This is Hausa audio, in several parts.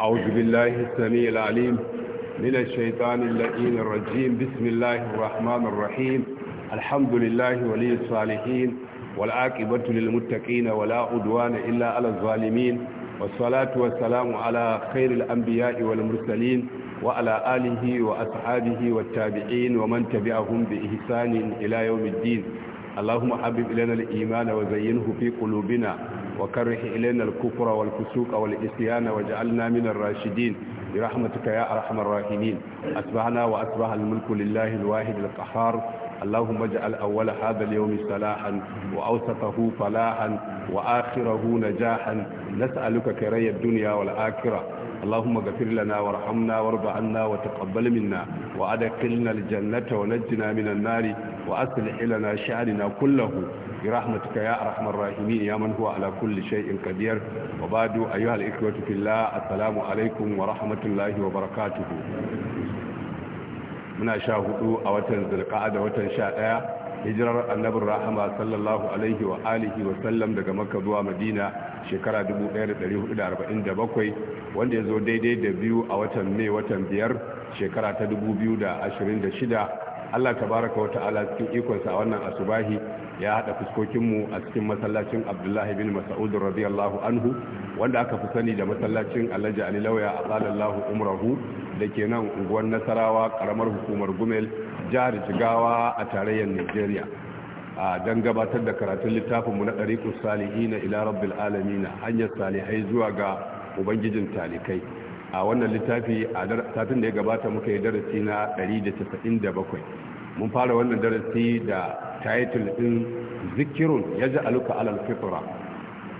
أعوذ بالله السميع العليم من الشيطان اللئين الرجيم بسم الله الرحمن الرحيم الحمد لله ولي الصالحين والعاقبة للمتقين ولا عدوان إلا على الظالمين والصلاة والسلام على خير الأنبياء والمرسلين وعلى آله وأصحابه والتابعين ومن تبعهم بإحسان إلى يوم الدين اللهم حبب إلينا الإيمان وزينه في قلوبنا وكره إلينا الكفر والفسوق والإسيان وجعلنا من الراشدين برحمتك يا أرحم الراحمين أصبحنا وأصبح الملك لله الواحد القهار اللهم اجعل أول هذا اليوم صلاحا وأوسطه فلاحا وآخره نجاحا نسألك كري الدنيا والآخرة اللهم اغفر لنا وارحمنا وارض عنا وتقبل منا وأدخلنا الجنة ونجنا من النار وأصلح لنا شأننا كله برحمتك يا أرحم الراحمين يا من هو على كل شيء قدير وبعد أيها الإخوة في الله السلام عليكم ورحمة الله وبركاته muna sha hudu a watan zulka'a da watan sha daya hijirar annabin rahama sallallahu alaihi wa wa sallam daga makka zuwa madina shekara 1447 wanda ya zo daidai da biyu a watan mai watan biyar shekara ta 2026 Allah tabaraka wa ta'ala cikin ikonsa a wannan asubahi ya hada fuskokinmu a cikin masallacin Abdullahi bin Mas'ud radiyallahu anhu wanda aka fi sani da masallacin Alhaji Ali Lauya a Lahu umrahu da ke nan unguwar Nasarawa karamar hukumar Gumel jihar Jigawa a tarayyar Nigeria a dan gabatar da karatun littafinmu na Dariqus Salihin ila Rabbil Alamin hanyar salihai zuwa ga ubangijin talikai a wannan littafi a satin da ya gabata muka yi darasi na 197 mun fara wannan darasi da title din zikirun ya ji aluka alal fitra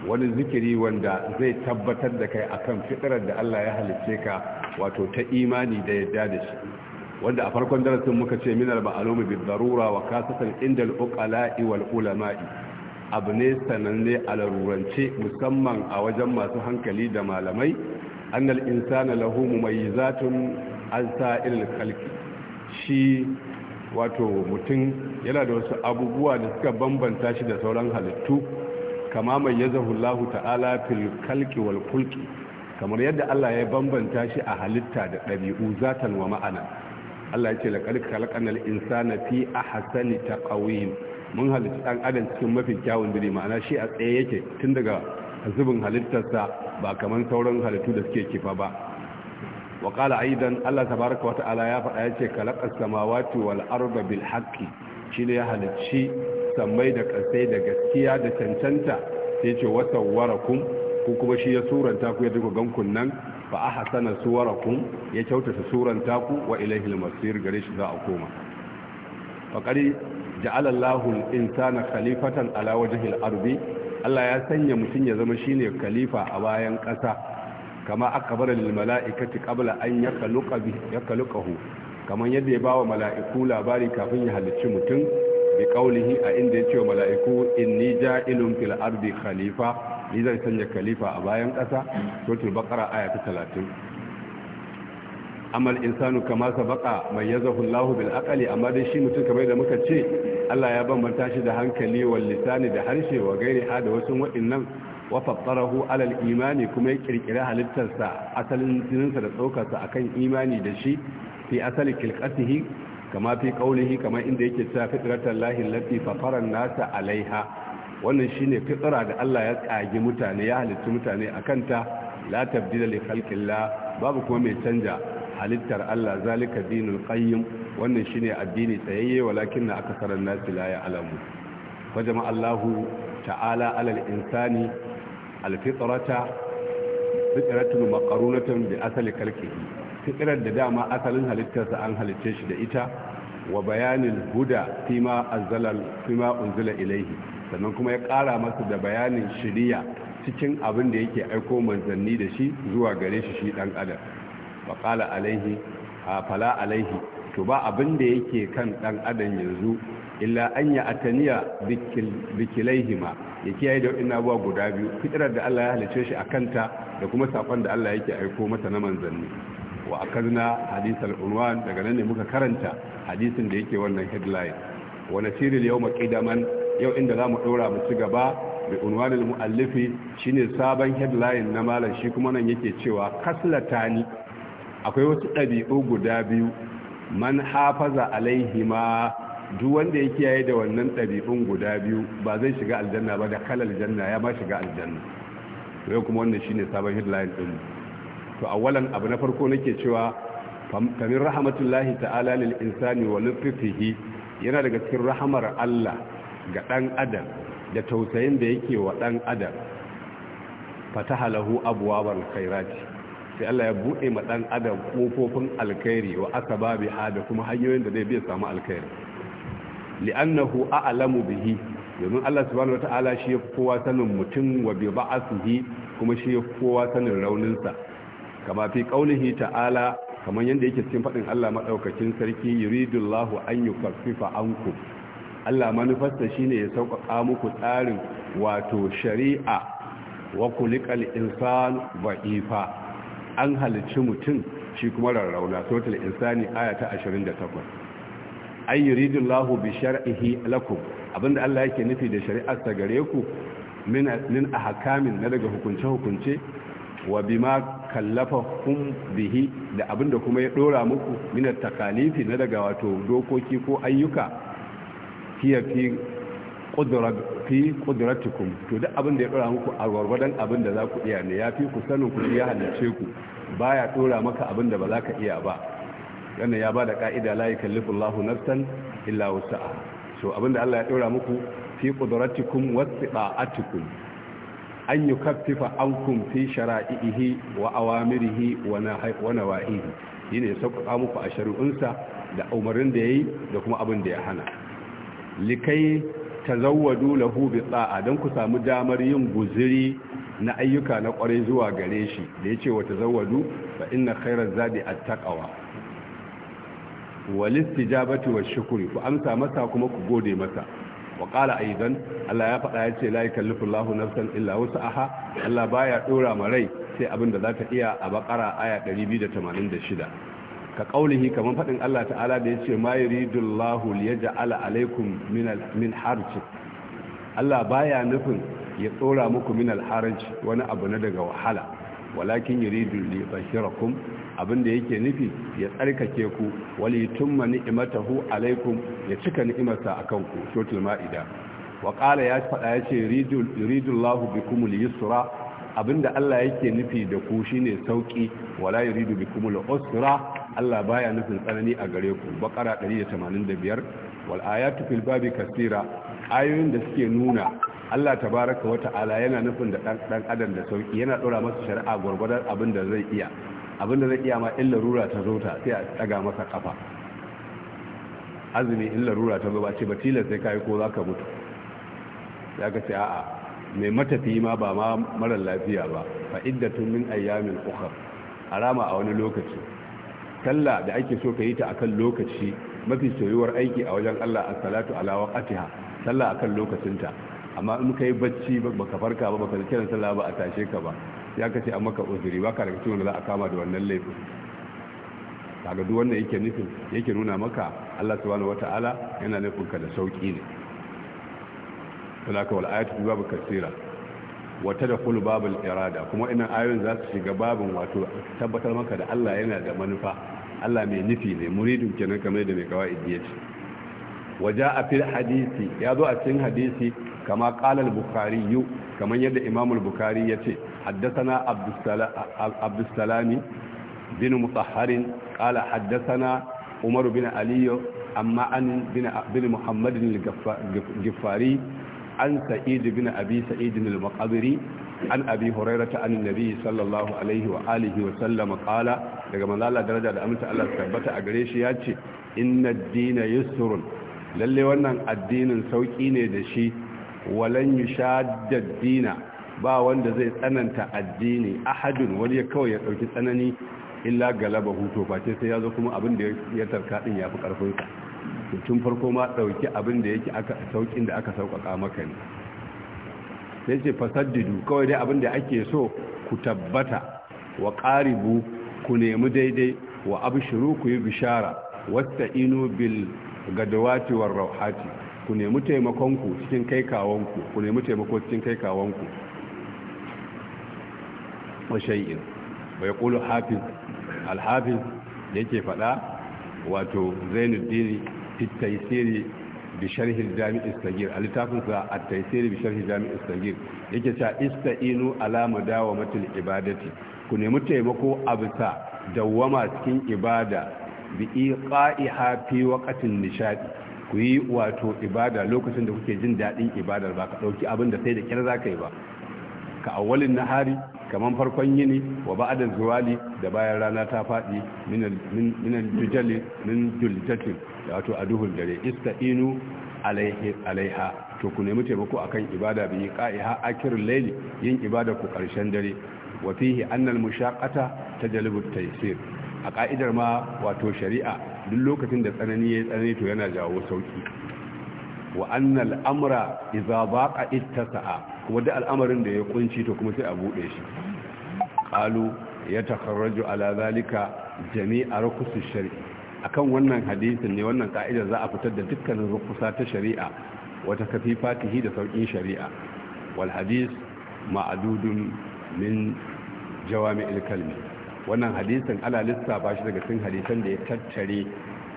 wani zikiri wanda zai tabbatar da kai akan fitrar da Allah ya halicce ka wato ta imani da yadda da shi wanda a farkon darasin muka ce minar ma'alumi bi darura wa kasatan indal uqala'i wal ulama'i abu ne sananne a larurance musamman a wajen masu hankali da malamai annal insana lahu mumayyizatun an khalqi shi wato mutum yana da wasu abubuwa da suka bambanta shi da sauran halittu kama mai yazahu ta'ala fil khalqi wal kulki kamar yadda Allah ya bambanta shi a halitta da ɗabi'u zatan wa ma'ana Allah ya ce laqad khalaqnal insana fi ahsani taqwim mun halitta dan adam cikin mafi kyawun dare ma'ana shi a tsaye yake tun daga zubin halittarsa ba kamar sauran halittu da suke kifa ba wa qala aidan Allah tabaaraka wata'ala ya faɗa yace kalaqas samawati wal arda bil haqqi shine ya halicci sammai da ƙasai da gaskiya da cancanta sai ce wa sawwarakum ko kuma shi ya suranta ku ya duka gankun nan fa ahsana suwarakum ya kyautata suranta ku wa ilayhi al-masir gare shi za a koma faqari ja'ala Allahu al-insana khalifatan ala wajhi al-ardi Allah ya sanya mutum ya zama shine kalifa a bayan ƙasa kama bar lil mala'ikati qabla an yakhluqa bi yakhluqahu kaman yadda ya bawa mala'iku labari kafin ya halicci mutum bi qaulihi a inda ya ce wa mala'iku inni ilin fil ardi khalifa ni zai sanya kalifa a bayan ƙasa suratul baqara aya ta 30 amal insanu kama sabaka mai yanzu hullahu bil akali. amma dai shi mutum kamar da muka ce Allah ya bambanta shi da hankali wal lisani da harshe wa gairi ha da wasu waɗannan wa fattarahu alal imani kuma ya kirkira halittarsa asalin jininsa da tsokarsa akan imani da shi fi asali kilqatihi kama fi qawlihi kama inda yake cewa fitratan lahi allati fatara nasa alaiha wannan shine fitra da Allah ya tsage mutane ya halitta mutane akan ta la tabdila li khalqillah babu kuma mai canja halittar Allah zalika dinul qayyim wannan shine addini tsayayye walakin akasaran nasi la ya'lamu wajama Allahu ta'ala alal insani alfitrata fitratun maqarunatan bi asali kalkihi fitrar da dama asalin halittarsa an halicce shi da ita wa bayanin huda fima azzalal fima unzila ilaihi sannan kuma ya kara masa da bayanin shiriya cikin abin da yake aiko manzanni da shi zuwa gare shi shi dan adam faƙala alaihi fala alaihi to ba abin da yake kan ɗan adam yanzu illa an ya ataniya ma ya kiyaye da waɗannan abuwa guda biyu fitirar da Allah ya halice shi a kanta da kuma saƙon da Allah yake aiko mata na manzanni wa akarna hadisal unwan daga nan ne muka karanta hadisin da yake wannan headline wa nasiril yawma qidaman yau inda zamu dora mu ci gaba bi unwanil muallifi shine sabon headline na malam shi kuma nan yake cewa kaslatani akwai wasu ɗabi'u guda biyu man hafaza alaihi ma duk wanda ya kiyaye da wannan ɗabi'un guda biyu ba zai shiga aljanna ba da kalal janna ya ba shiga aljanna yau kuma wannan shine sabon headline din to awalan abu na farko nake cewa kamin rahmatullahi ta'ala lil insani wa lutfihi yana daga cikin rahamar Allah ga dan adam da tausayin da yake wa dan adam fataha lahu abwaabal khairati sai Allah ya buɗe ma ɗan adam ƙofofin alkhairi wa aka ba bi da kuma hanyoyin da zai biya samu alkhairi li'annahu a'lamu bihi domin Allah subhanahu wata'ala shi ya kowa sanin mutum wa bi ba'asihi kuma shi ya kowa sanin rauninsa kama fi qaulihi ta'ala kamar yadda yake cikin faɗin Allah madaukakin sarki yuridullahu an yukaffifa anku Allah manufarsa shine ya sauƙaƙa muku tsarin wato shari'a wa kulikal insan ba'ifa an halicci mutum shi kuma rarrauna total insani aya ta 28 ay yuridullahu bi shar'ihi lakum abinda Allah yake nufi da shari'ar ta gare ku min min ahkamin na daga hukunce hukunce wa bima kallafakum bihi da abinda kuma ya dora muku min takalifi na daga wato dokoki ko ayyuka fiye fi fi kudratukum to duk abin da ya dora muku a warwadan abin da za ku iya ne ya fi ku sanin ku ya halarce ku baya ɗora maka abin da ba za ka iya ba wannan ya ba da ka'ida layi yukallifu Allahu nafsan illa wus'aha so abin da Allah ya ɗora muku fi qudratikum wastita'atikum an an kun fi shara'ihi wa awamirihi wa nawahihi yana ya sauƙaƙa muku a shari'unsa da umarin da yayi da kuma abin da ya hana likai tazawwadu lahu bi ta'a dan ku samu damar yin guziri na ayyuka na kwarai zuwa gare shi da yace wa tazawwadu fa inna khayra zadi at-taqwa wal istijabati wash shukri ku amsa masa kuma ku gode masa wa qala aidan Allah ya faɗa yace la yakallifu Allahu nafsan illa wus'aha Allah baya dora ma rai sai abin da za ta iya a bakara aya 286 ka kaulihi kamar faɗin Allah ta'ala da yace ce ma yuridullahu liyaj'ala alaikum min harj Allah baya nufin ya tsora muku min alharaj wani abu na daga wahala walakin yuridu li yutahhirakum abinda yake nufi ya tsarkake ku wali tumma ni'matahu alaikum ya cika ni'imarsa akan ku suratul maida wa qala ya fada yace yuridu yuridullahu bikum al-yusra abinda Allah yake nufi da ku shine sauki wala yuridu bikum al-usra Allah baya nufin tsanani a gare ku bakara 185 wal ayatu fil babi kasira ayoyin da suke nuna Allah tabaraka wa ta'ala yana nufin da dan adam da sauki yana dora masa shari'a gurgurdan abin da zai iya abin da zai iya ma illa rura ta zota sai a daga masa kafa azumi illa rura ta ba ce batila sai kai ko zaka mutu ya ka a'a mai matafi ma ba ma mara lafiya ba fa iddatun min ayyamin ukhra arama a wani lokaci sallah da ake so ka yi ta akan lokaci mafi soyuwar aiki a wajen Allah as-salatu ala waqtiha sallah akan lokacinta amma in kai bacci baka farka ba baka kiran sallah ba a tashe ka ba ya kace an maka uzuri baka daga cikin da za a kama da wannan laifin kaga duk wanda yake nufin yake nuna maka Allah subhanahu wataala yana nufin ka da sauki ne salaka wal ayatu babu kasira wata da kulu babu irada kuma idan ayoyin za su shiga babin wato tabbatar maka da Allah yana da manufa Allah mai nufi ne muridun kenan kamar da mai kawai ya ce waja a fil hadisi ya zo a cikin hadisi kama Qalal Bukhari yu kamar yadda imamul Bukhari ya ce haddasana abdussalami bin mutahharin kala haddasana umaru bin aliyu amma an bin muhammadin gifari an sa'id bin abi sa'id al-maqdiri an abi hurairata an nabi sallallahu alaihi wa alihi wa daga manzala daraja da aminta Allah tabbata a gare shi yace inna ad-dina yusrun lalle wannan addinin sauki ne da shi walan yushadda ad-dina ba wanda zai tsananta addini ahadun wani kawai ya dauki tsanani illa galaba huto face sai yazo kuma abin da ya tarka din yafi karfin sa tun farko ma dauki abin da yake aka saukin da aka saukaka maka ne sai ce fasaddidu kawai dai abin da ake so ku tabbata wa ƙaribu ku nemi daidai wa abshiru ku yi bishara wasta inu bil gadawati war rauhati ku nemi taimakonku cikin kai kawanku ku nemi taimako cikin kai kawanku wa shay'in bai kulu hafiz alhafiz da yake faɗa wato zainuddin fit bi sharhi jami'i sagir a littafin sa at-taysir bi sharhi jami'i sagir yake cewa ista'inu ala mudawamatil ibadati ku nemi taimako a bisa dawwama cikin ibada bi iqa'iha fi waqtin ku yi wato ibada lokacin da kuke jin daɗin ibadar ba ka dauki abin da sai da kyar zaka yi ba ka na hari. kaman farkon yini wa ba'da zuwali da bayan rana ta fadi min dujali min duljatin da wato a duhul dare inu alaiha to ku nemi taimako akan ibada bi qa'iha akir layli yin ibada ku karshen dare wa fihi anna al mushaqata tajlibu a ka'idar ma wato shari'a duk lokacin da tsanani ya tsanani to yana jawo sauki wa annal amra idza baqa ittasa'a kuma da al'amarin da ya kunci to kuma sai a bude shi qalu yatakharraju ala zalika jami'a rukusu akan wannan hadisin ne wannan ka'ida za a fitar da dukkanin rukusa ta shari'a wata kafifatihi da saukin shari'a wal hadis ma'adudun min jawami'il kalmi wannan hadisin ala lissafa shi daga cikin hadisan da ya tattare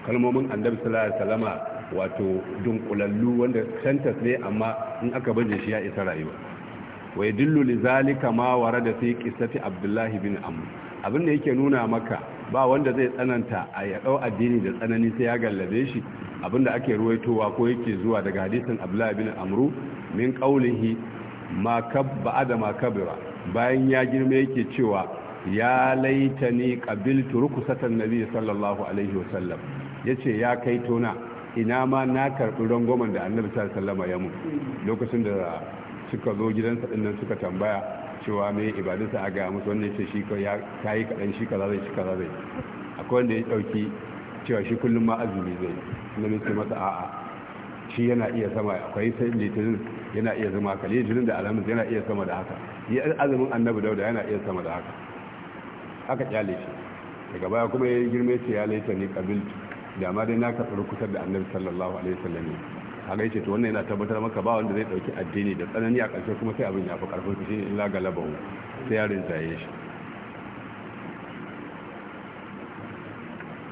kalmomin annabi sallallahu alaihi wasallama wato dunkulallu wanda sentence ne amma in aka baje shi ya isa rayuwa dillu li zalika ma warada fi qissati abdullah bin amr abin da yake nuna maka ba wanda zai tsananta a ya dau addini da tsanani sai ya gallabe shi abin da ake ruwaitowa ko yake zuwa daga hadisin abdullah bin amru min qawlihi ma kabba adama kabira bayan ya girma yake cewa ya laitani qabiltu rukusatan nabi sallallahu alaihi wasallam yace ya kaito na. ina ma na karɓi rangwamen da annabi sallama ya mu lokacin da suka zo gidansa ɗin nan suka tambaya cewa me ibadunsa a gaya musu wannan ce shi ya yi kaɗan shi kaza zai shi kaza zai akwai wanda ya ɗauki cewa shi kullum ma azumi zai na nufi masa a'a shi yana iya sama akwai sai litinin yana iya zama haka litinin da alhamis yana iya sama da haka yi azumin annabi dauda yana iya sama da haka aka kyale shi daga baya kuma ya girme ce ya laita ni kabiltu da ma dai na ka tsaro kusa da annabi sallallahu alaihi wasallam a ce to wannan yana tabbatar maka ba wanda zai dauki addini da tsanani a ƙarshe kuma sai abin ya fi karfin shi ne illa galabahu sai yarin zaye shi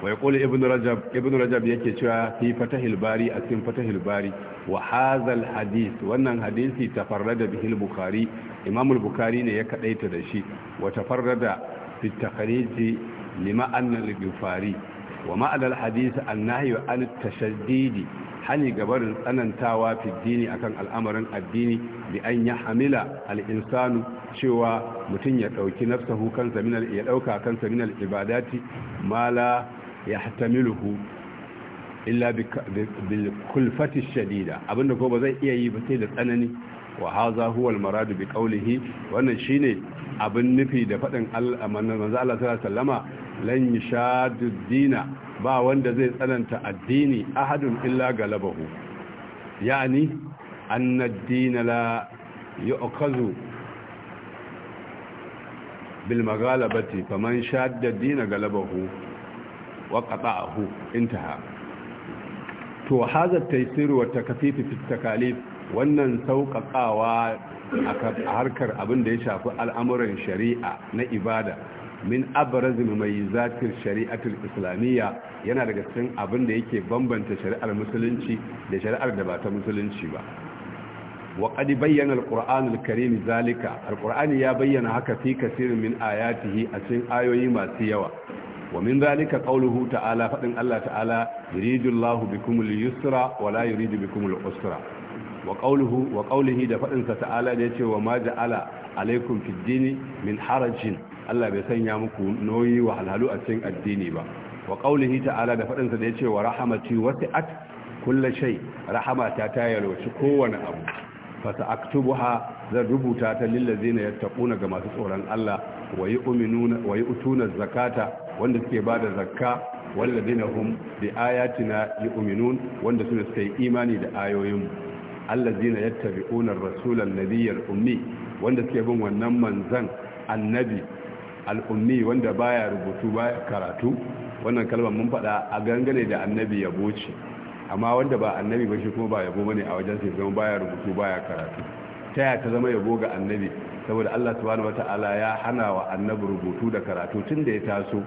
wa yaqulu ibn rajab ibn rajab yake cewa fi fatahil bari a cikin fatahil bari wa hadhal hadith wannan hadisi tafarrada bihi al-bukhari imam al-bukhari ne ya kadaita da shi wa tafarrada fi takhrij lima anna al-bukhari wa ma'anar hadisi annahi wa an tashaddidi hani gabarin tsanantawa fi dini akan al'amarin addini bi an ya hamila al'insanu cewa mutum ya ɗauki nafsahu kan minal ya ɗauka kansa ibadati ma la ya hatamiluhu illa bil kulfati shadida abinda ko ba zai iya yi ba sai da tsanani wa haza huwa al maradu bi qawlihi wannan shine abin nufi da faɗin manzo Allah sallallahu lan dina ba wanda zai tsananta addini ahadun illa galabahu yani anna ad-din la yu'khazu bil maghalabati faman shadda galabahu wa qata'ahu intaha to hadha at-taysir wa at-takfif fi at-takalif wannan sauƙaƙawa a harkar abin da ya shafi al'amuran shari'a na ibada min abarazin mai zafin shari'atul islamiyya yana daga cikin abin da yake bambanta shari'ar musulunci da shari'ar da ba ta musulunci ba wa qad bayyana al-qur'an al-karim zalika al ya bayyana haka fi kasirin min ayatihi a cikin ayoyi masu yawa wa min zalika qawluhu ta'ala fadin Allah ta'ala yuridullahu bikumul yusra wa la yuridu bikumul usra wa qawluhu da fadin sa ta'ala da ce wa ma ja'ala alaikum fiddini min harajin Allah bai sanya muku noyi wa halhalu a cikin addini ba wa qawlihi ta'ala da faɗinsa da ya ce wa wasu wasi'at kulli shai rahama ta yalwaci kowane abu fa sa'aktubuha zan rubuta ta lillazina yattaquna ga masu tsoron Allah wa yi wa zakata wanda suke bada zakka wallazina hum bi ayatina yu'minun wanda suna suka yi imani da ayoyin allazina yattabi'una ar-rasula an al ummi wanda suke bin wannan manzan annabi al-ummi wanda baya rubutu baya karatu wannan kalmar mun faɗa a gangane da annabi yabo ce amma wanda ba annabi ba shi kuma ba yabo bane a wajen sai zama baya rubutu baya karatu ta ya ta zama yabo ga annabi saboda Allah subhanahu wataala ya hana wa annabi rubutu da karatu tun da ya taso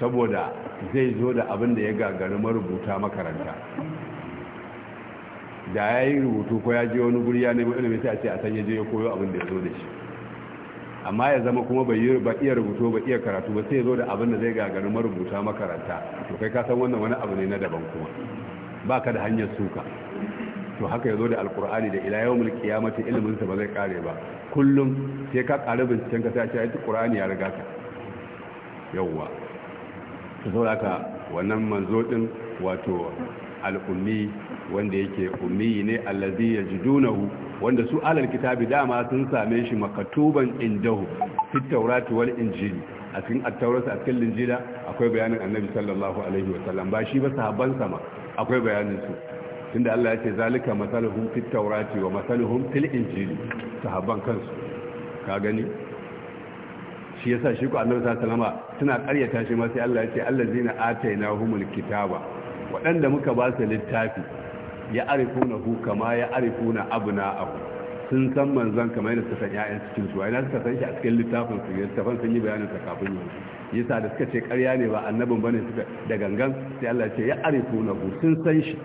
saboda zai zo da abin da ya gagari marubuta makaranta da ya yi rubutu ko ya je wani guri ya nemi ilimin sai a ce a san ya je ya koyo abin da ya zo da shi amma ya zama kuma ba iya rubutu ba iya karatu ba sai ya zo da abin da zai gagarin marubuta makaranta to kai ka san wannan wani abu ne na daban kuma ba ka da hanyar suka to haka ya zo da alkur'ani da ila yawon mulki ya mace iliminsa ba zai kare ba kullum sai ka kare binciken ka sai a ce kur'ani ya riga ka yauwa ta sauraka wannan manzo din wato al'ummi wanda yake ummi ne allazi yajidunahu wanda su alal kitabi dama sun same shi makatuban indahu fit tawrati wal injili a cikin at a cikin linjila akwai bayanin annabi sallallahu alaihi wa sallam ba shi ba sahabban sama akwai bayanin su tunda Allah ya ce zalika masaluhum fit tawrati wa masaluhum fil injili sahabban kansu ka gani shi yasa shi ku annabi sallallahu alaihi wa sallama suna ƙaryata shi ma sai Allah ya ce allazina atainahumul kitaba waɗanda muka ba su littafi ya arifuna hu kama ya arifuna na abu sun san manzan kamar yadda suka san ƴaƴan cikin su ina suka san shi a cikin littafin su tafan sun yi bayanin sa kafin yi yasa da suka ce ƙarya ne ba annabin bane suka da gangan sai Allah ce ya arifuna hu sun san shi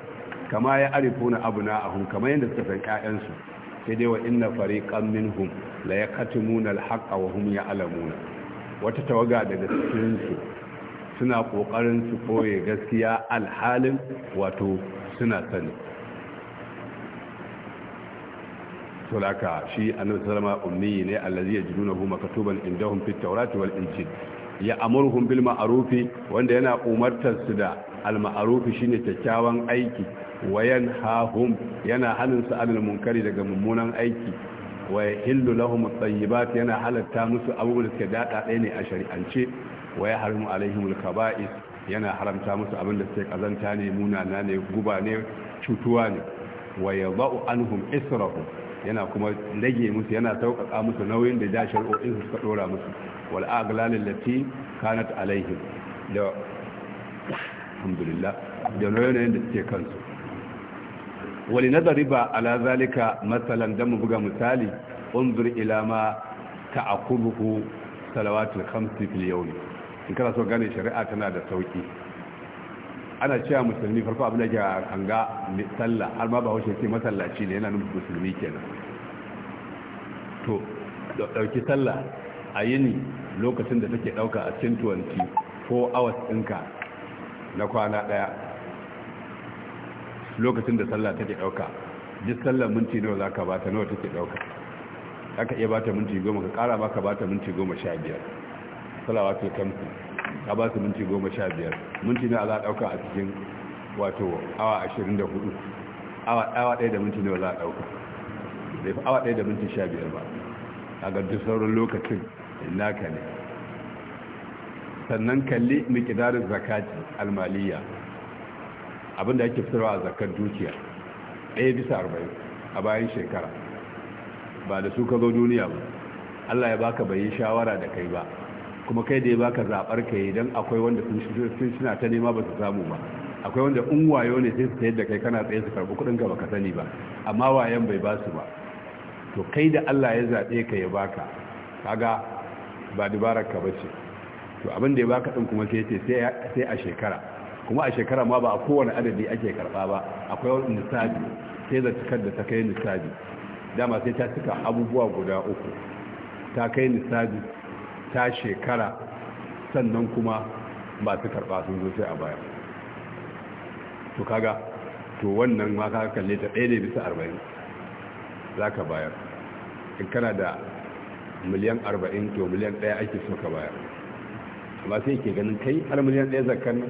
kama ya arifuna na ahu kamar yadda suka san ƴaƴan su sai dai wa inna fariqan minhum la yaqtumuna al-haqqa wa hum ya'lamuna wata tawaga daga cikin su suna ƙoƙarin su koye gaskiya alhalin wato suna sani sulaka shi annabi sallama ummi ne allazi Huma maktuban indahum fit tawrati wal injil ya amurhum bil ma'rufi wanda yana umartar su da al ma'ruf shine kyakkyawan aiki wayan hahum yana halin su anil munkari daga mummunan aiki wa yahillu lahum at-tayyibat yana halatta musu abubuwan da suke dada ɗaya ne a shari'ance wa ya harimu alaihimul kaba'is yana haramta musu abin da suke kazanta ne munana ne guba ne cutuwa ne wa yadha'u anhum israhum yana kuma rage musu yana sauƙaƙa musu nauyin da da shari'o'in su suka dora musu wal aghlal allati kanat alaihim da alhamdulillah da nauyin da suke kansu wali nadariba ala zalika masalan dan mu buga misali unzur ila ma ta'aqubuhu salawatul khamsi fil yawmi in kana so gane shari'a tana da sauki ana cewa musulmi farko abin da ke hanga sallah har ma ba haushe ce masallaci ne yana nufin musulmi kenan to dauki sallah a yini lokacin da take dauka a cikin ko hours ɗinka na kwana daya lokacin da sallah take dauka duk sallah minti nawa zaka bata nawa take dauka aka iya bata minti goma ka kara baka bata minti goma sha biyar ta kamsu ta ba su minti goma sha biyar minti na za a ɗauka a cikin wato awa ashirin da hudu awa ɗaya da minti nawa za a ɗauka da fi awa ɗaya da minti sha biyar ba a gardin sauran lokacin naka ne sannan kalli mikidarin zakati almaliya abinda ake fitarwa a zakar dukiya ɗaya bisa arba'in a bayan shekara ba da su ka zo duniya ba allah ya baka bai yi shawara da kai ba kuma kai da ya baka zabar ka idan akwai wanda sun suna ta nema ba su samu ba akwai wanda in wayo ne sai su ta da kai kana tsaye su karbi kudin ka sani ba amma wayan bai ba su ba to kai da Allah ya zabe ka ya baka kaga ba dubarar ka bace to abin da ya baka din kuma sai sai sai a shekara kuma a shekara ma ba a kowane adadi ake karba ba akwai wani nisabi sai da cikar da ta kai nisabi dama sai ta cika abubuwa guda uku ta kai nisabi ta shekara sannan kuma masu karɓa sun zo sai a baya to kaga to wannan ma ka kalle ta ɗaya ne bisa arba'in za ka bayar in kana da miliyan arba'in to miliyan ɗaya ake so ka bayar amma sai ke ganin kai har miliyan ɗaya zakkan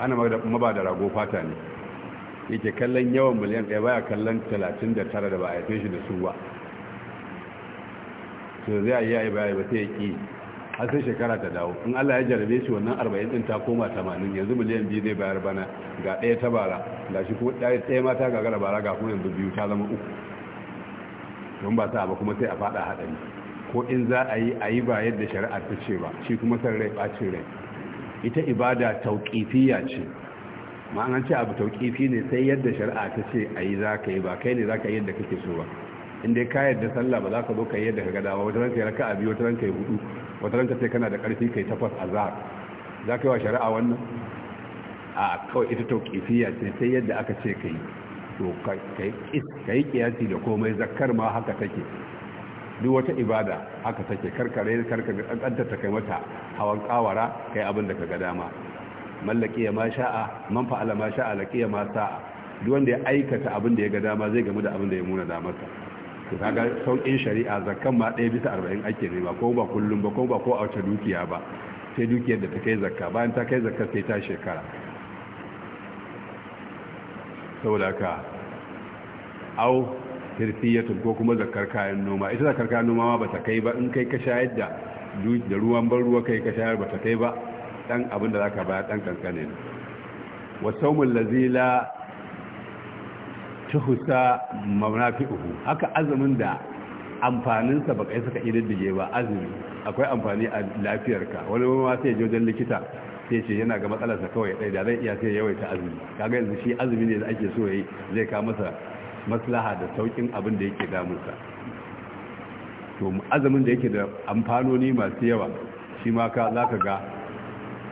ana maba da rago fata ne yake kallon yawan miliyan ɗaya baya kallon talatin da tara da ba a yi fashe da su ba to zai yi yayi bai ba sai ya har sai shekara ta dawo in Allah ya jarabe shi wannan 40 din ta koma 80 yanzu miliyan 2 zai bayar bana ga ɗaya ta bara ga shi kuma ɗaya mata ga gara bara ga kuma yanzu biyu ta zama uku don ba ta ba kuma sai a fada hadari ko in za a yi a yi ba yadda shari'a ta ce ba shi kuma san rai bacin rai ita ibada tauqifiyya ce ma'anar ce abu tauqifi ne sai yadda shari'a ta ce a yi za ka yi ba kai ne za ka yi yadda kake so ba inda ka yadda sallah ba za ka zo ka yi yadda ka gada ba wata ranka ya raka a biyu wata ranka ya hudu wata ranka sai kana da karfi kai tafas a zahar za ka yi wa shari'a wannan a kawai ita tauƙifiya ce sai yadda aka ce ka yi to ka yi kiyasi da komai zakar ma haka take duk wata ibada haka take karkare karkare kankanta ta kai mata hawan kawara kai abin da ka ga dama mallaki ya ma sha'a man fa'ala ma laki ya ma sa'a duk wanda ya aikata abin da ya ga dama zai gamu da abin da ya muna da masa kaga saukin shari'a zakkan ma ɗaya bisa arba'in ake ba ko ba kullum ba ko ba ko a wata dukiya ba sai dukiyar da ta kai zakka bayan ta kai zakka sai ta shekara saboda ka au hirfiyatun ko kuma zakar kayan noma ita zakar kayan noma ba ta kai ba in kai ka shayar da da ruwan ban ruwa kai ka shayar ba ta kai ba dan abin da zaka baya dan kankane ne wa sawmul lazila tuhusa uku. haka azumin da amfaninsa baka yi saka ididdige ba azumi akwai amfani a lafiyarka wani ma sai je wajen likita sai ce yana ga matsalarsa kawai dai da zai iya sai yawaita azumi kaga yanzu shi azumi ne da ake so yayi zai ka masa maslaha da saukin abin da yake damunsa to azumin da yake da amfanoni masu yawa shi ma ka zaka ga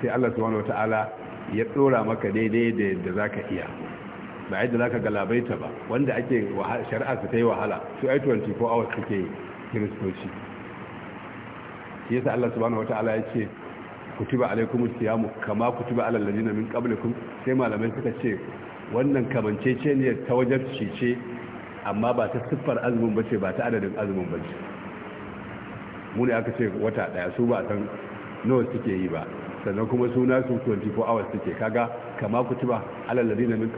sai Allah subhanahu wataala ya dora maka daidai da yadda zaka iya ba yadda za ka galabaita ba wanda ake shari'a su ta yi wahala su ai 24 hours suke kiristoci shi yasa Allah subhanahu wata'ala ya ce kutuba alaikum siyamu kama kutuba alal ladina min qablikum sai malamai suka ce wannan kamancece ne ta wajen cice amma ba ta siffar azumin bace ba ta adadin azumin bace mu ne aka ce wata daya su ba san nawa suke yi ba sannan kuma suna su 24 hours suke kaga kama ku tuba alalladi na min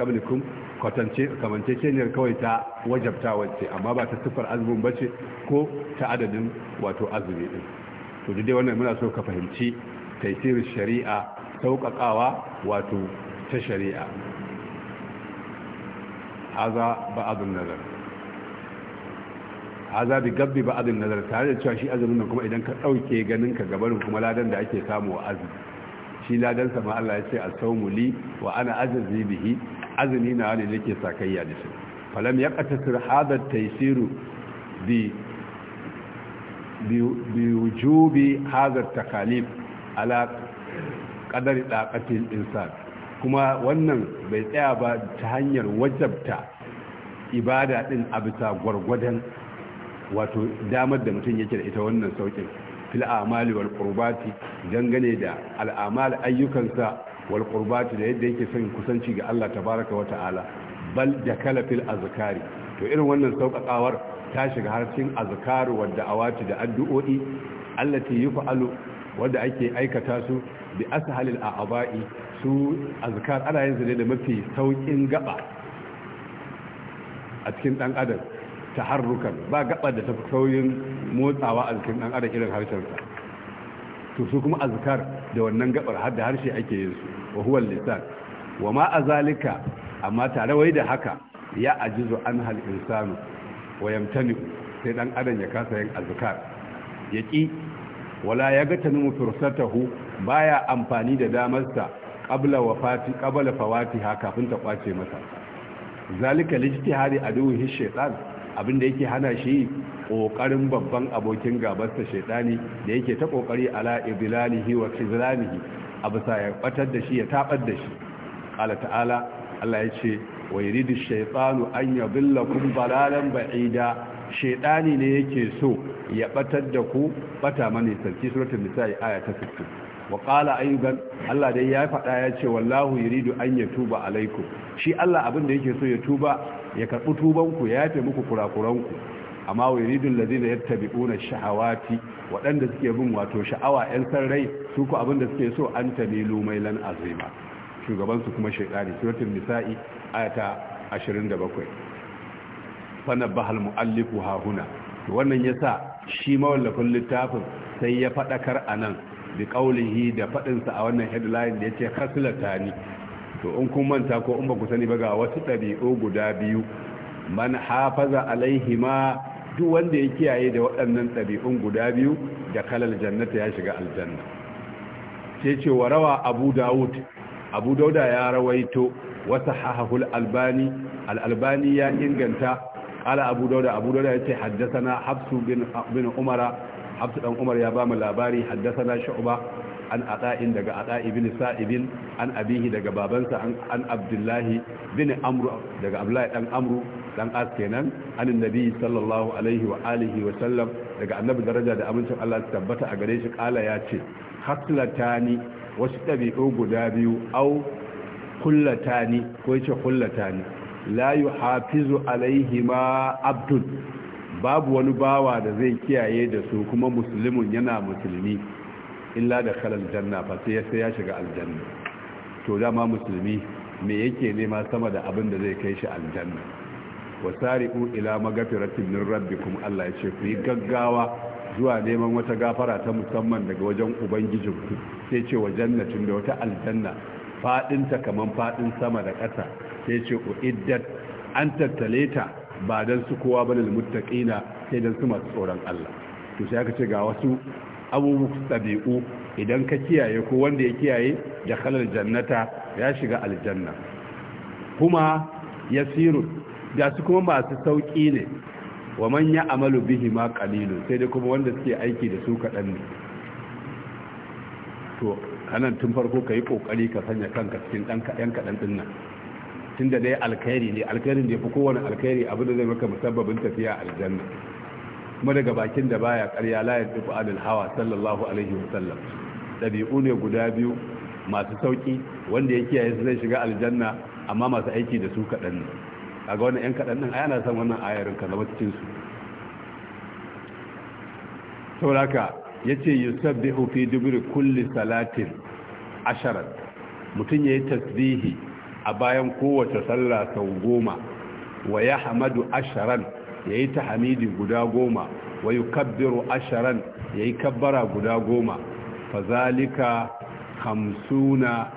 kwatance kamance keniyar kawai ta wajabta wacce amma ba ta siffar azumin bace ko ta adadin wato azumi din to dai wannan muna so ka fahimci taisirin shari'a sauƙaƙawa wato ta shari'a haza ba'adun nazar haza bi gabbi ba'adun nazar tare da cewa shi azumin nan kuma idan ka ɗauke ganin ka gabarin kuma ladan da ake samu wa azumi shi ladansa sama Allah ya ce as wa ana ajzi bihi azumi na wani yake sakayya da shi falam ya qatasir hada taysiru bi bi wujubi hada takalif ala qadari daqatil insan kuma wannan bai tsaya ba ta hanyar wajabta ibada din a bisa gwargwadon wato damar da mutum yake da ita wannan saukin fil amali wal qurbati dangane da al'amal ayyukansa wal qurbati da yadda yake son kusanci ga Allah tabaraka wa ta'ala bal da kala fil azkari to irin wannan saukakawar ta shiga harcin azkaru wadda awati da addu'o'i allati yuf'alu wadda ake aikata su bi ashalil a'ba'i su azkar ana yin da mafi saukin gaba a cikin dan adam taharrukan ba gaba da tafi sauyin motsawa a cikin dan adam irin harshensa to su kuma azkar da wannan gabar har da harshe ake yin su wa huwa lisan wa ma azalika amma tare wai da haka ya ajizu an hal insanu wa yamtani sai dan adam ya kasa yin azkar yaki wala ya ga tanimu fursatahu baya amfani da damarsa qabla wafati qabla fawatiha kafin ta kwace masa zalika lijtihadi aduhi shaytan Abin da yake hana shi kokarin babban abokin gabarsa shaidani da yake ta kokari ala ibilalihi wa khizlanihi abisa ya batar da shi ya tabar da shi qala ta'ala Allah ya ce wa yuridu shaytanu an yadhillakum balalan ba'ida shaidani ne yake so ya batar da ku bata mani sarki suratul nisa aya ta 60 wa qala ayyuban Allah dai ya faɗa ya ce wallahu yuridu an tuba alaiku shi Allah abin da yake so ya tuba ya karɓi tubanku ya yafe muku kurakuranku amma wa yuridu allazina yattabi'una shahawati waɗanda suke bin wato sha'awa ƴan san rai su ku abin da suke so an lumai mailan azima shugaban su kuma shaytani suratul nisa'i ayata 27 fa bahar muallifu ha huna wannan yasa shi mawallafin littafin sai ya faɗakar anan bi da faɗinsa a wannan headline da yace ni to in kun manta ko in ba ku sani ba ga wasu ɗabi'u guda biyu man hafaza alaihi ma duk wanda ya kiyaye da waɗannan ɗabi'un guda biyu da kalal jannata ya shiga aljanna ce ce wa rawa abu dawud abu dauda ya rawaito wata hahahul albani al'albani ya inganta ƙala abu dauda abu dauda ya ce na hafsu bin umara abdu dan umar ya ba mu labari haddathana shu'ba an ata'in daga ata ibn sa'ibin an abihi daga babansa an abdullahi bin amru daga abdullahi dan amru dan as kenan anin nabi sallallahu alaihi wa alihi wa sallam daga annabi daraja da amincin Allah ta tabbata a gare shi kala ya ce haslatani wasu ɗabi'u guda biyu au kullatani ko yace kullatani la yuhafizu alaihima abdul babu wani bawa da zai kiyaye da su kuma musulmin yana musulmi illa da kalar janna fa sai ya sai ya shiga aljanna to dama musulmi me yake nema sama da abin da zai kai shi aljanna wasari'u ila magfiratin min rabbikum Allah ya ce ku yi gaggawa zuwa neman wata gafara ta musamman daga wajen ubangijinku sai ce wa jannatin da wata aljanna ta kaman fadin sama da ƙasa sai ce ku iddat an tattale ta ba dan su kowa bane muttaqina sai dan su masu tsoron Allah to sai aka ce ga wasu abubuwan tsabiu idan ka kiyaye ko wanda ya kiyaye da khalal jannata ya shiga aljanna kuma yasiru da su kuma masu sauƙi ne wa manya amalu bihi ma qalilun sai dai kuma wanda suke aiki da su kadan ne to anan tun farko ka yi ƙoƙari ka sanya kanka cikin dan kadan kadan nan da dai alkhairi ne alkhairin da ya fi kowane alkhairi abin da zai maka musabbabin tafiya aljanna kuma daga bakin da baya karya la ya tafi adal hawa sallallahu alaihi wa sallam dabi'u ne guda biyu masu sauki wanda ya kiyaye su zai shiga aljanna amma masu aiki da su kaɗan ne kaga wannan yan kaɗan nan ana san wannan ayarin ka zama cikin su sauraka yace yusabbihu fi dubri kulli salatin mutum ya yi tasbihi a bayan kowace sallah sau goma wa ya hamadu asharan ya yi ta hamidi guda goma wa yi kabbiru asharan ya yi kabbara guda goma fazalika hamsuna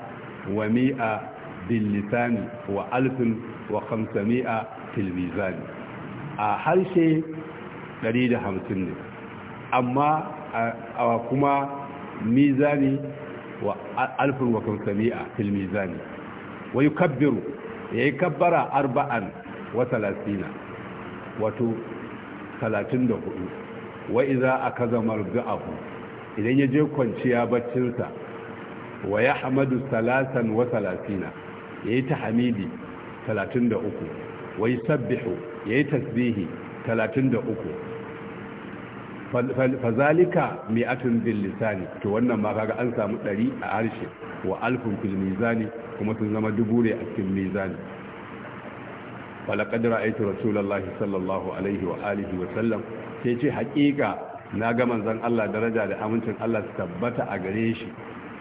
wa mi'a billisani wa alfin wa hamsami'a filmizani a harshe 150 ne amma a kuma mizani wa alfin wa hamsami'a filmizani wa ya yayi kabbara arba'an wa talatina wato talatin da hudu wa idza akaza marga'ahu idan ya je kwanciya baccinsa wa hamadu salasan wa salasina yayi tahmidi uku wa ya yayi tasbihi uku. fazalika mi'atun bin lisani to wannan ma kaga an samu ɗari a harshe wa alfun fil mizani kuma sun zama dubu ne a cikin mizani falaqad ra'aytu rasulullahi sallallahu alaihi wa alihi wa sallam sai ce hakika na ga manzon Allah daraja da amincin Allah su tabbata a gare shi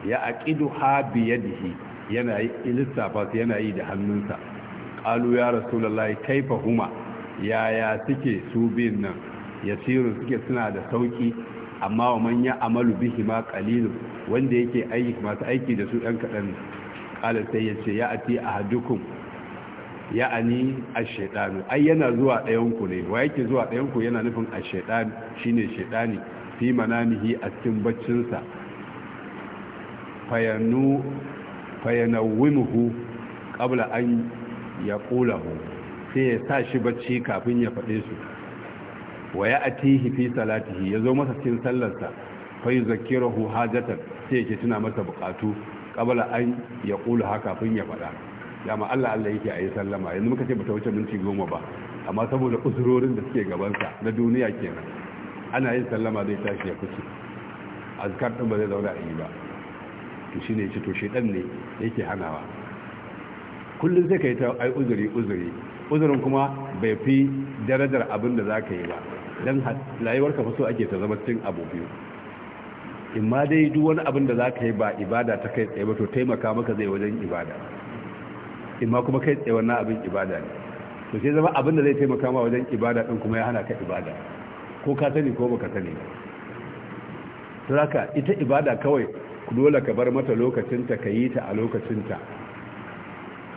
ya aqidu ha bi yana yi yana yi da hannunsa qalu ya rasulullahi kaifa huma yaya suke su bin nan yasiru suke suna da sauki amma wa manya amalu bihi ma qalil wanda yake aiki masu aiki da su dan kadan qala sai ya ya ati ahadukum ya'ani ash shaytan ai yana zuwa dayan ku ne wa yake zuwa dayan ku yana nufin ash-shaytan shine shaytani fi mananihi a cikin baccin sa fayanu fayanawimuhu qabla an yaqulahu sai ya sa shi bacci kafin ya faɗe su wa ya atihi fi salatihi ya zo masa cikin sallarsa fa yuzakkirahu hajatan sai yake tuna masa bukatu kabala an ya kula haka fun ya faɗa ma Allah Allah yake ayi sallama yanzu muka ce bata wuce minti goma ba amma saboda usurorin da suke gabansa na duniya kenan ana yin sallama zai tashi ya kuce azkar din ba zai zauna a yi ba to shine ce to shedan ne yake hanawa kullum sai ka yi ta ai uzuri uzuri uzurin kuma bai fi darajar abin da za ka yi ba don rayuwar ka so ake ta zama cin abu biyu in ma dai duk wani abin da za ka yi ba ibada ta kai tsaye ba to taimaka maka zai wajen ibada in ma kuma kai tsaye wannan abin ibada ne to sai zama abin da zai taimaka ma wajen ibada din kuma ya hana ka ibada ko ka sani ko baka sani to haka ita ibada kawai dole ka bar mata lokacinta ka yi ta a lokacinta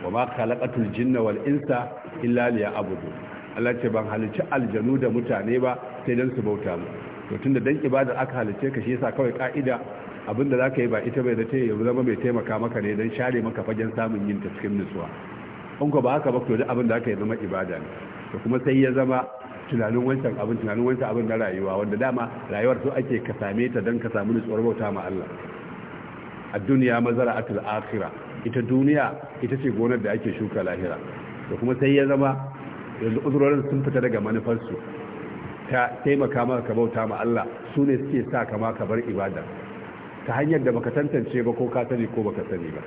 wa ma khalaqatul jinna wal insa illa liya'budun Allah ce ban halicci aljanu da mutane ba sai dan su bauta mu to tunda dan ibada aka halicce ka shi yasa kawai ka'ida abinda zaka yi ba ita bai zata yi zama mai taimaka maka ne dan share maka fagen samun yin ta cikin nutsuwa in ba haka ba to da abin da aka yi zama ibada ne to kuma sai ya zama tunanin wancan abin tunanin wancan abin na rayuwa wanda dama rayuwar so ake ka same ta dan ka samu nutsuwar bauta ma Allah a duniya mazara a akhirah ita duniya ita ce gonar da ake shuka lahira da kuma sai ya zama yanzu uzurorin sun fita daga manufarsu ta taimaka maka ka bauta ma Allah su ne suke sa ka ma ka bar ibada ta hanyar da baka tantance ba ko ka sani ko baka sani ba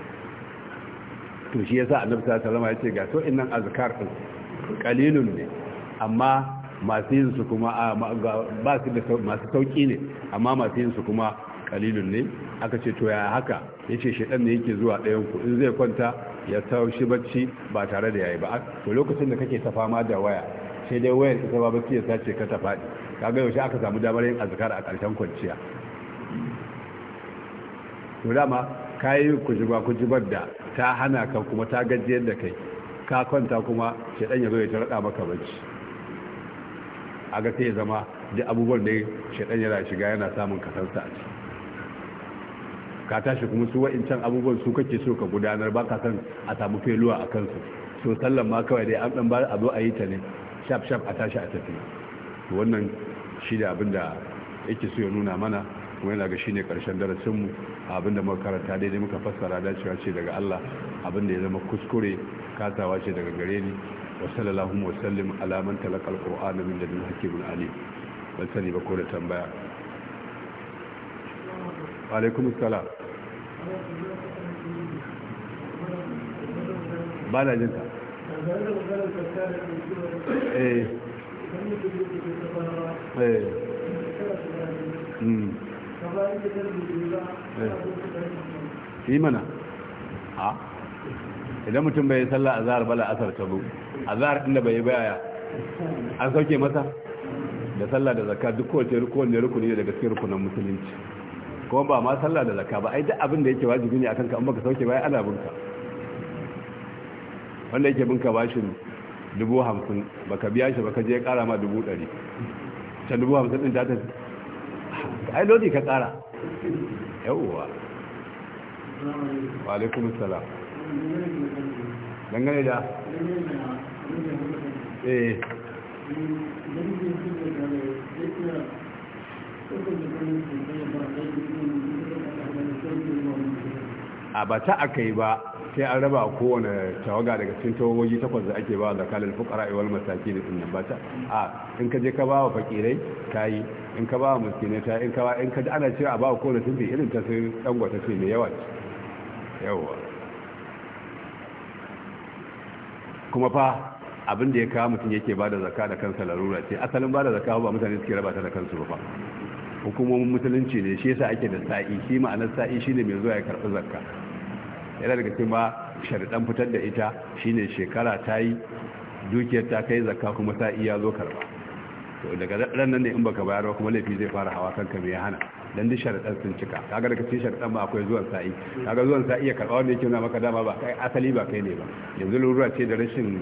to shi yasa annabi sallallahu alaihi wasallam ya ce ga to innan azkar din qalilun ne amma masu yin su kuma ba su da masu sauki ne amma masu yin su kuma qalilun ne aka ce to ya haka yace shedan ne yake zuwa ɗayan ku in zai kwanta ya taushi bacci ba tare da yayi ba to lokacin da kake ta fama da waya sai dai wayar ita ba bacci ya sace ka ta faɗi kaga yaushe aka samu damar yin azkar a karshen kwanciya to dama kayi ku kujibar da ta hana ka kuma ta gajiyar da kai ka kwanta kuma sai ya zo ya tarada maka bacci a ga sai ya zama duk abubuwan da shaidan yana shiga yana samun kasarsa a ciki ka tashi kuma su wa'incan abubuwan su kake so ka gudanar ba ka san a samu feluwa a kansu so sallan ma kawai dai an dan ba a zo a yi ta ne shaf shaf a tashi a tafi to wannan shi da abin da yake so ya nuna mana kuma yana ga shi ne karshen darasinmu abin da muka karanta daidai muka fassara dacewa ce daga Allah abinda ya zama kuskure katawa ce daga gare ni wa sallallahu wa sallim ala man talaqal qur'ana min ladun hakimul ali ban sani ba ko da tambaya wa alaikumus salam ba na jinka eh eh. Hmm. eh yi mana a idan mutum bai sallah a zahar bala asar ta zo a zahar inda bai baya an sauke masa da sallah da zakka duk kowace rukuni daga cikin rukunan musulunci kuma ba ma sallah da zakka ba ai duk abin da yake wajibi ne akan ka an baka sauke bai ana binka wanda yake binka bashin dubu hamsin baka biya shi baka je kara ma dubu ɗari ta dubu hamsin ɗin ta ta ai lodi ka kara yawwa wa alaikum salam dangane da eh a ba ta aka yi ba sai an raba kowane tawaga daga cikin tawagogi takwas da ake ba wa zakalar fukara iwal masaki da sunan ba ta a in ka je ka ba wa fakirai ta yi in ka ba wa miskinai ta in ka ba in ka ana cewa a ba wa kowane sun fi irin ta sun dangwata ce mai yawa yawa kuma fa abin da ya kawo mutum yake ba da zaka da kansa larura ce asalin ba da zaka ba mutane suke raba ta da kansu ba fa hukumomin musulunci ne shi yasa ake da sa'i shi ma'anar sa'i shine mai zuwa ya karɓi zakka yana daga cikin ba sharaɗan fitar da ita shine shekara ta yi dukiyar ta kai zakka kuma sa'i ya zo karɓa to daga ran nan ne in baka bayar ba kuma laifi zai fara hawa kanka mai hana dan duk sharaɗan sun cika kaga daga cikin sharaɗan ba akwai zuwan sa'i kaga zuwan sa'i ya karɓa wanda yake nuna maka dama ba kai asali ba kai ne ba yanzu lura ce da rashin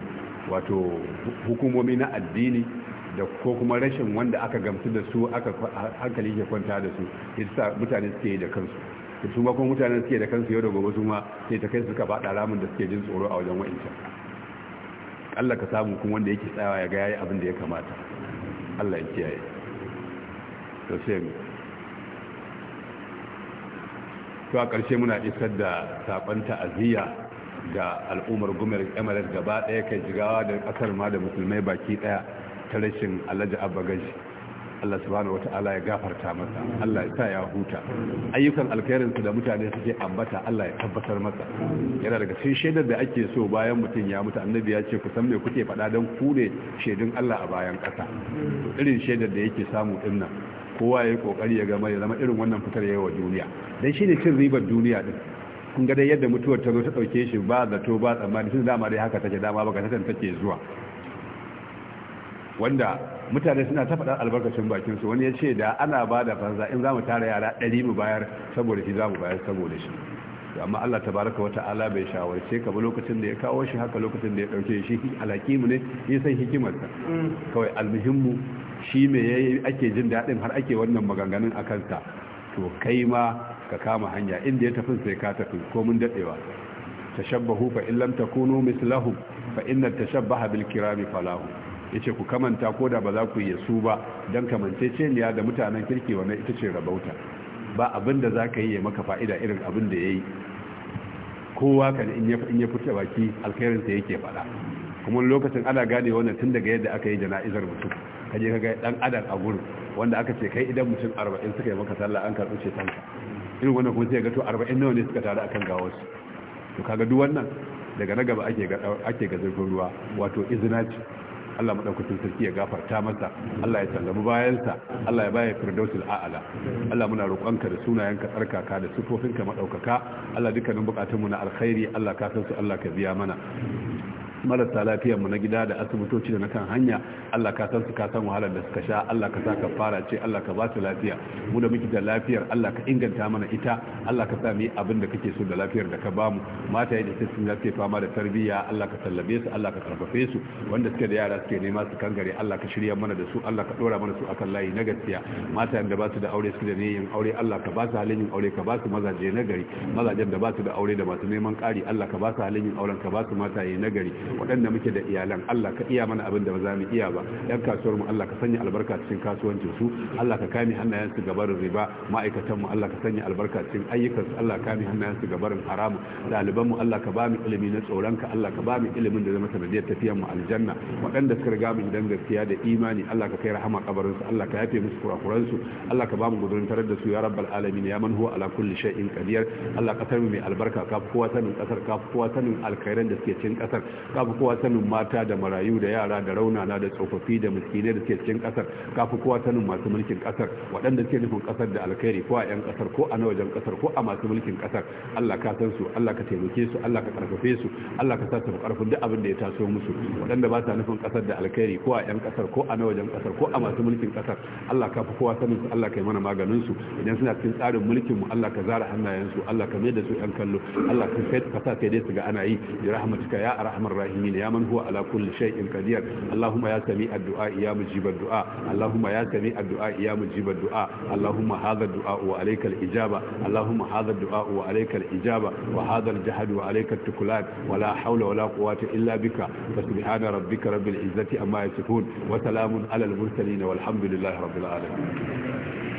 wato hukumomi na addini da ko kuma rashin wanda aka gamsu da su aka hankali ke kwanta da su yadda mutane suke da kansu da su makon mutanen suke da kansu yau da gobe su ma sai ta kai suka faɗa ramin da suke jin tsoro a wajen wa'incan Allah ka samu kuma wanda yake tsayawa ya ga yayi abin da ya kamata Allah ya kiyaye to sai to a ƙarshe muna isar da saƙon ta'aziyya ga al'ummar gumar emirates gaba ɗaya kai jigawa da ƙasar ma da musulmai baki ɗaya ta rashin alhaji abba gaji. Allah subhanahu wata'ala ya gafarta masa Allah ya sa ya huta ayyukan alkhairin su da mutane suke ambata Allah ya tabbatar masa yana daga cikin shaidar da ake so bayan mutum ya mutu annabi ya ce ku san me kuke faɗa don ku ne shaidun Allah a bayan ƙasa irin shaidar da yake samu din nan kowa ya yi kokari ya gama ya zama irin wannan fitar yayi wa duniya dan shine cin ribar duniya din kun ga dai yadda mutuwar ta zo ta dauke shi ba zato ba tsammani tun dama dai haka take dama baka ta take zuwa wanda mutane suna ta faɗa albarkacin bakinsu wani ya ce da ana ba da fansa in za mu tara yara ɗari mu bayar saboda shi za mu bayar saboda shi amma Allah ta baraka wata ala bai shawarce ka ba lokacin da ya kawo shi haka lokacin da ya ɗauke shi alhakimu ne yi san hikimarsa mm. kawai almuhimmu shi me yi ake jin daɗin har ake wannan maganganun a kanta to kai ma ka kama hanya inda ya tafi sai ka tafi ko mun dadewa tashabbahu fa in lam takunu mislahu fa inna tashabbaha bil kirami falahu ce ku kamanta ko da ba za ku yi su ba don dan ya da mutanen kirki wannan ita ce rabauta ba abin da za ka yi ya maka fa'ida irin abin da ya yi kowa kan in ya fita baki alkhairinsa yake faɗa kuma lokacin ana gane wannan tun daga yadda aka yi jana'izar mutum ka je ka ga dan adam a gurin wanda aka ce kai idan mutum 40 suka yi maka sallah an karɓi ce tanka irin wannan kuma sai ga to 40 nawa ne suka taru akan gawarsu to kaga duk wannan daga na gaba ake ga ake ga zurfin ruwa wato izina ce Allah madaukakin sarki ya gafarta masa Allah ya sallama bayansa Allah ya baya firdausul a'ala Allah muna roƙonka da sunayenka tsarkaka da sifofinka madaukaka Allah dukkanin bukatunmu na alkhairi Allah ka san su Allah ka biya mana marasa lafiyar mu na gida da asibitoci da na kan hanya Allah ka san su ka san wahalar da suka sha Allah ka sa ka fara ce Allah ka ba su lafiya mu da muke da lafiyar Allah ka inganta mana ita Allah ka sa mu yi abin da kake so da lafiyar da ka ba mu mata da su lafiya fama da tarbiyya Allah ka tallabe su Allah ka karfafe su wanda suke da yara suke nema su kangare Allah ka shirya mana da su Allah ka dora mana su akan layi na gaskiya mata da ba su da aure suke da yin aure Allah ka ba su halin yin aure ka ba su mazaje na gari mazajen da ba su da aure da masu neman ƙari Allah ka ba su halin yin auren ka ba su mataye na gari waɗanda muke da iyalan Allah ka iya mana abin da ba za mu iya ba ɗan kasuwar mu Allah ka sanya albarka cikin kasuwancin su Allah ka kame hannayen su gabarin riba ma'aikatan mu Allah ka sanya albarka cikin ayyukan su Allah ka kame hannayen su gabarin haramu ɗaliban mu Allah ka ba ilimi na tsoron ka Allah ka ba ilimin da zama sanadiyar tafiyan mu aljanna waɗanda suka riga mu idan gaskiya da imani Allah ka kai rahama kabarin su Allah ka yafe musu kurakuran su Allah ka bamu mu tarar da su ya rabbal alamin ya man huwa ala kulli shay'in qadir Allah ka tarmi mai albarka ka kowa sanin kasar ka kowa sanin alkhairan da suke cikin kasar ka kafi kowa sanin mata da marayu da yara da raunana da tsofaffi da miskinai da suke cikin kasar kafi kowa sanin masu mulkin kasar waɗanda suke nufin kasar da alkhairi ko a yan kasar ko a na wajen kasar ko a masu mulkin kasar Allah ka san su Allah ka taimake su Allah ka karfafe su Allah ka sa su karfin duk abin da ya taso musu waɗanda ba sa nufin kasar da alkhairi ko a yan kasar ko a na wajen kasar ko a masu mulkin kasar Allah ka fa kowa sanin su Allah ka yi mana maganin su idan suna cikin tsarin mulkin mu Allah ka zara hannayen su Allah ka mai da su yan kallo Allah ka sa sai dai su ga ana yi bi rahmatika ya arhamar rahim المسلمين يا من هو على كل شيء قدير اللهم يا سميع الدعاء يا مجيب الدعاء اللهم يا سميع الدعاء يا مجيب الدعاء اللهم هذا الدعاء وعليك الإجابة اللهم هذا الدعاء وعليك الإجابة وهذا الجهد وعليك التكلان ولا حول ولا قوة إلا بك فسبحان ربك رب العزة أما يصفون وسلام على المرسلين والحمد لله رب العالمين